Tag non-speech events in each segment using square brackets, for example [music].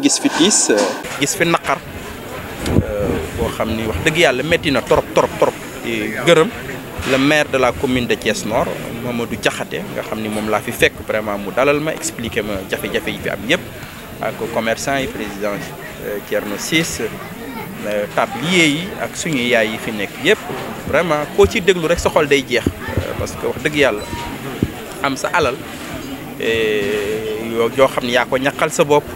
gis fi tiis. Euh, gis fi naqar euh, boo xam ni wax dëgg yàlla métti na torop torop torop gërëm le maire de la commune de Thiès Nord du jaxate nga xam ni moom laa fi fekk vraiment mu dalal ma expliquer ma jafe-jafe yi fi am yëpp ak commerçant yi président euh, Thierno Ciss tablier yi ak suñu yaay yi fi nekk yëpp vraiment koo ci déglu rek sa xol day jeex parce que wax dëgg yàlla am sa alal yoo yoo xam ne yaa ko ñaqal sa bopp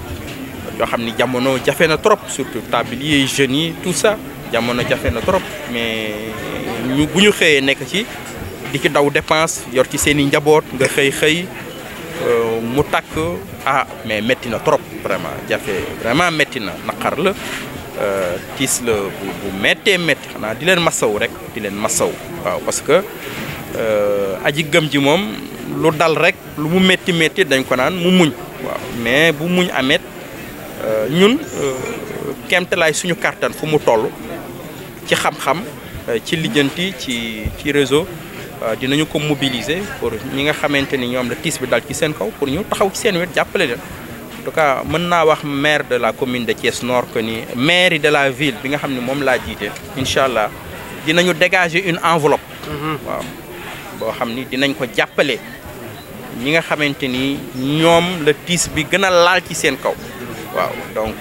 yoo xam ni jamono jafe na trop surtout tablier jeunes yi tout ça jamono jafe na trop mais bu ñu xëyee nekk ci di ci daw dépense yor ci seen i njaboot nga xëy xëy euh, mu takk ah mais metti na trop vraiment jafe vraiment métti na naqar la euh, tis la bu bu méttee métti xanaa di leen masaw rek di leen masaw waaw parce que euh, aji gëm ji moom lu dal rek lu mu métti métti dañ ko naan mu muñ waaw mais bu muñ amet Euh, ñun euh, kemtalaay suñu kàttan fu mu toll ci xam-xam euh, ci lijjanti ci ci réseau dinañu ko mobiliser pour ñi nga xamante ni ñoom la tiis bi dal ci seen kaw pour ñu taxaw ci seen wet jàppale leen en tout cas mën naa wax maire de la commune de Thiès Nord que ni maire de la ville bi nga xam ne moom laa jiite incha allah dinañu dégager une enveloppe mhm. boo xam ni dinañ ko jàppale ñi nga xamante ni ñoom la tiis bi gën a laal ci seen kaw waaw donc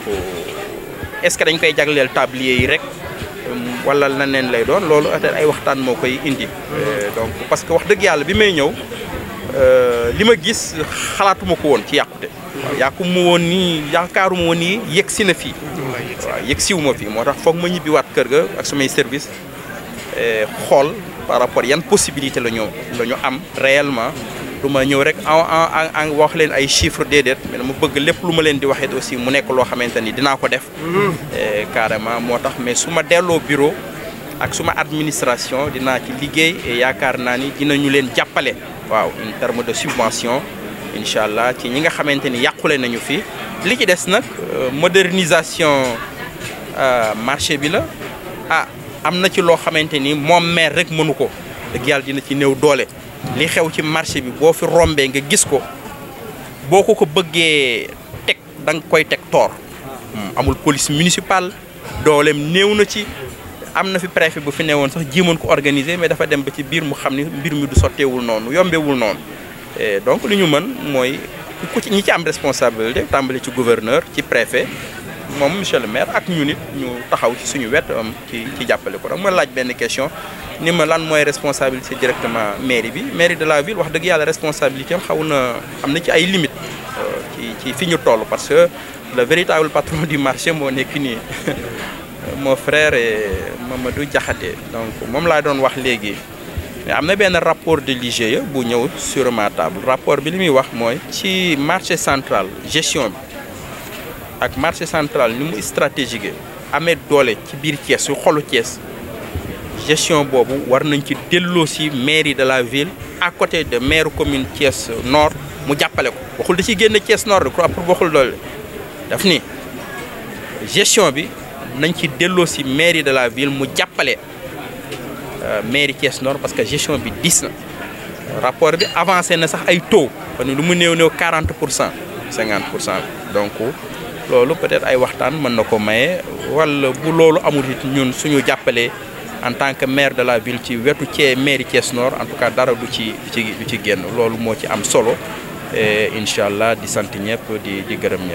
est-ce que dañ koy jagleel tablier yi rek na um, leneen lay doon loolu ay waxtaan moo koy indi. Euh, donc parce que wax dëgg yàlla bi may ñëw euh, li ma gis xalaatuma ko woon ci yàqute. waaw yàqu ma woon nii yaakaaruma woon nii yegg si na fii. waaw yegg siwu fii moo tax foog ma ñibbi waat kër ga ak sumay service euh, xool par rapport yan possibilité la ñu la am réellement. lu ma ñëw rek en en wax leen ay chiffres déedéet mais dama bëgg lépp lu ma leen di waxee aussi mu nekk loo xamante ni dinaa ko def. Mm-hmm. Eh, carrément moo tax mais suma delloo bureau ak suma administration dinaa ci liggéey yaakaar naa ni dinañu leen jàppale. waaw en terme de subvention incha allah ci ñi nga xamante ni yàqule nañu fi li ci des nag euh, modernisation euh, marché bi la ah am na ci loo xamante ni moom maire rek mënu ko dëgg yàlla dina ci néew doole. li xew ci marché bi boo fi rombee nga gis ko boo ko ko bëggee teg da nga koy teg toor hmm, amul police municipale dooleem néew na ci am na fi préfet bu fi newoon sax jéemoon ko organiser mais dafa dem ba ci biir mu xam ni mbir mi du sotteewul noonu yombewul noonu donc lu ñu mën mooy ku ci ñi ci am responsabilité tàmbali ci gouverneur ci préfet moom monsieur le maire ak ñu nit ñu taxaw ci suñu wet am ci ci jàppale ko rek ma laaj benn question ni ma lan mooy responsabilité directement mairie bi mairie de la ville wax dëgg yàlla responsabilité xaw na am na ci ay limites euh, ci fi ñu toll parce que le véritable patron [laughs] du marché moo nekk nii [laughs] mon frère Mamadou Diakhaté donc moom laa doon wax léegi mais am na benn rapport de l'IGE bu ñëw sur rapport bi li muy wax mooy ci marché central gestion bi ak marché central ni mu stratégique amee doole ci biir Thiès yu xolu cees gestion boobu war nañ ci delloo si mairie de la ville à côté de maire commune Thiès Nord mu jàppale ko waxul da ciy génne Thiès Nord pour waxul loolu daf ni gestion bi nañ ci delloo si mairie de la ville mu jàppale euh, mairie Thiès Nord parce que gestion bi dis na rapport bi avancé na sax ay taux kon lu mu néew néew 40 pour cent 50 pour cent donc loolu peut-être ay waxtaan mën na ko maye walla bu loolu amul it ñun suñu jàppalee en tant que maire de la ville ci wetu Thiès mairie Thiès Nord en tout cas dara du ci ci du ci génn loolu moo ci am solo et incha allah di sant ñëpp di di gërëm ñëpp.